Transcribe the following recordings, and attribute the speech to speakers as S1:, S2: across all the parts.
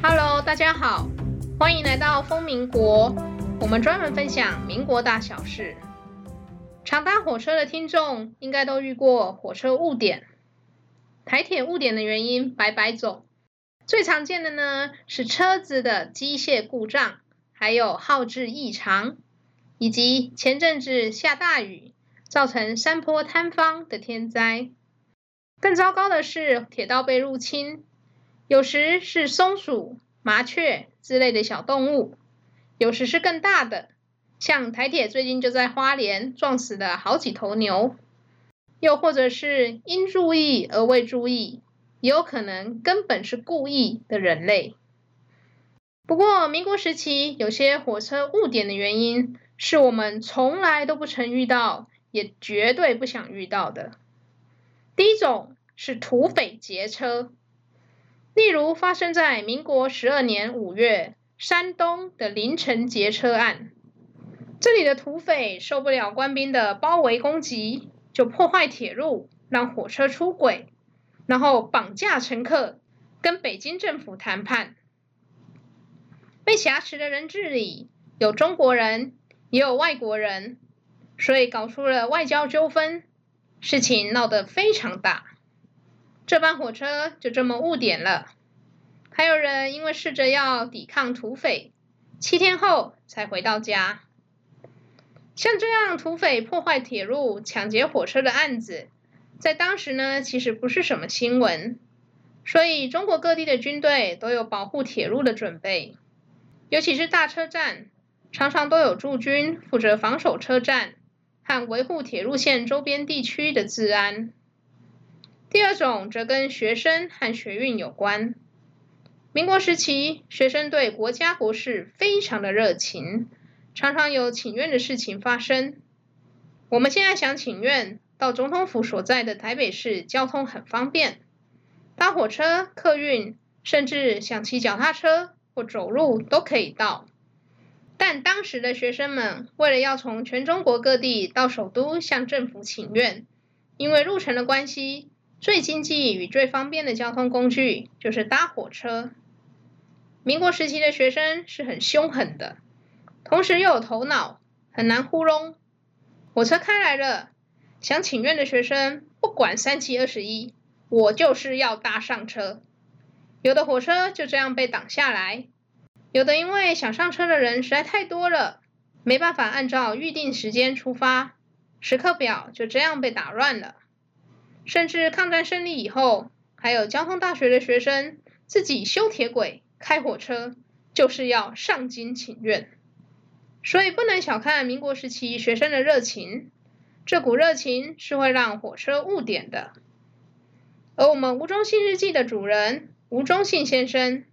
S1: Hello，大家好，歡迎來到瘋民國。我們專門分享民國大小事。常搭火車的聽眾應該都遇過火車誤點。台鐵誤點的原因百百種，最常見的呢是車子的機械故障，還有號誌異常，以及前陣子下大雨造成山坡坍方的天災。更糟糕的是，鐵道被入侵。有時是松鼠、麻雀之類的小動物，有時是更大的，像台鐵最近就在花蓮撞死了好幾頭牛，又或者是因注意而未注意，也有可能根本是故意的人類。不過民國時期有些火車誤點的原因，是我們從來都不曾遇到，也絕對不想遇到的。第一種是土匪劫車。例如發生在民國十二年五月山東的臨城劫車案，這裡的土匪受不了官兵的包圍攻擊，就破壞鐵路，讓火車出軌，然後綁架乘客，跟北京政府談判，被挾持的人質裡有中國人，也有外國人，所以搞出了外交糾紛，事情鬧得非常大。這班火車就這麼誤點了。還有人因為試着要抵抗土匪，七天後才回到家。像這樣土匪破壞鐵路、搶劫火車的案子，在當時呢，其實不是什麼新聞。所以，中國各地的軍隊都有保護鐵路的準備，尤其是大車站，常常都有駐軍負責防守車站和維護鐵路線周邊地區的治安。第二種則跟學生和學運有關。民國時期，學生對國家國事非常的熱情，常常有請願的事情發生。我們現在想請願到總統府所在的台北市，交通很方便，搭火車、客運，甚至想騎腳踏車或走路都可以到。但當時的學生們為了要從全中國各地到首都向政府請願，因為路程的關係，最經濟與最方便的交通工具就是搭火車。民國時期的學生是很兇狠的，同時又有頭腦，很難糊弄。火車開來了，想請願的學生不管三七二十一，我就是要搭上車。有的火車就這樣被擋下來，有的因為想上車的人實在太多了，沒辦法按照預定時間出發，時刻表就這樣被打亂了。甚至抗戰勝利以後，還有交通大學的學生自己修鐵軌、開火車，就是要上京請願。所以不能小看民國時期學生的熱情，這股熱情是會讓火車誤點的。而我們吳忠信日記的主人吳忠信先生，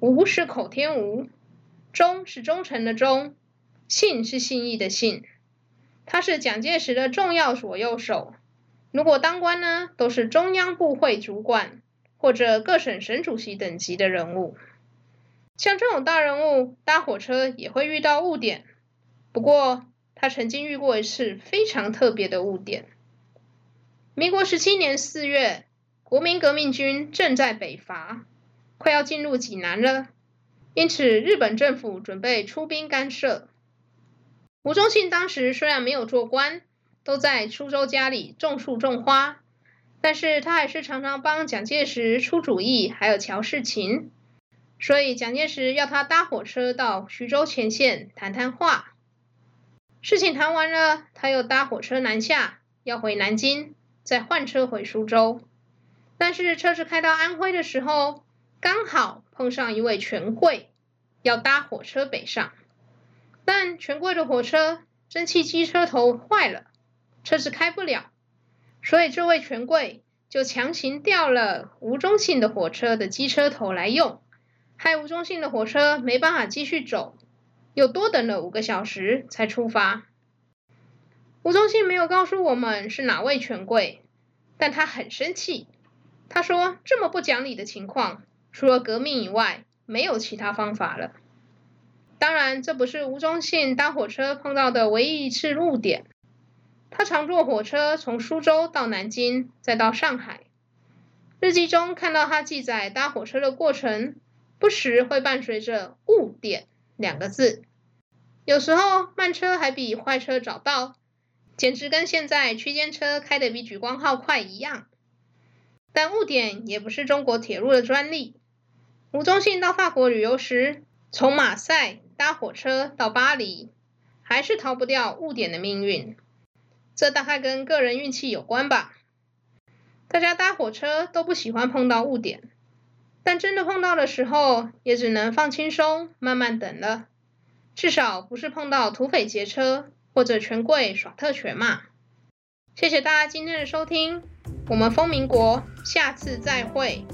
S1: 吳是口天吳，忠是忠誠的忠，信是信義的信，他是蔣介石的重要左右手。如果當官呢，都是中央部會主管或者各省省主席等級的人物。像這種大人物，搭火車也會遇到誤點。不過，他曾經遇過一次非常特別的誤點。民國十七年四月，國民革命軍正在北伐，快要進入濟南了，因此日本政府準備出兵干涉。吳忠信當時雖然沒有做官。都在蘇州家裡種樹種花，但是他還是常常幫蔣介石出主意，還有喬事情，所以蔣介石要他搭火車到徐州前線談談話。事情談完了，他又搭火車南下，要回南京，再換車回蘇州。但是車子開到安徽的時候，剛好碰上一位權貴要搭火車北上，但權貴的火車蒸汽機車頭壞了。車子開不了，所以這位權貴就強行調了吳忠信的火車的機車頭來用，害吳忠信的火車沒辦法繼續走，又多等了五個小時才出發。吳忠信沒有告訴我們是哪位權貴，但他很生氣。他說：“這麼不講理的情況，除了革命以外，沒有其他方法了。”當然，這不是吳忠信搭火車碰到的唯一一次誤點。他常坐火車從蘇州到南京，再到上海。日記中看到他記載搭火車的過程，不時會伴隨着“誤點”兩個字。有時候慢車還比快車早到，簡直跟現在區間車開得比莒光號快一樣。但誤點也不是中國鐵路的專利。吳忠信到法國旅遊時，從馬賽搭火車到巴黎，還是逃不掉誤點的命運。這大概跟個人運氣有關吧。大家搭火車都不喜歡碰到誤點，但真的碰到的時候，也只能放輕鬆，慢慢等了。至少不是碰到土匪劫車或者權貴耍特權嘛。謝謝大家今天的收聽，我們瘋民國下次再會。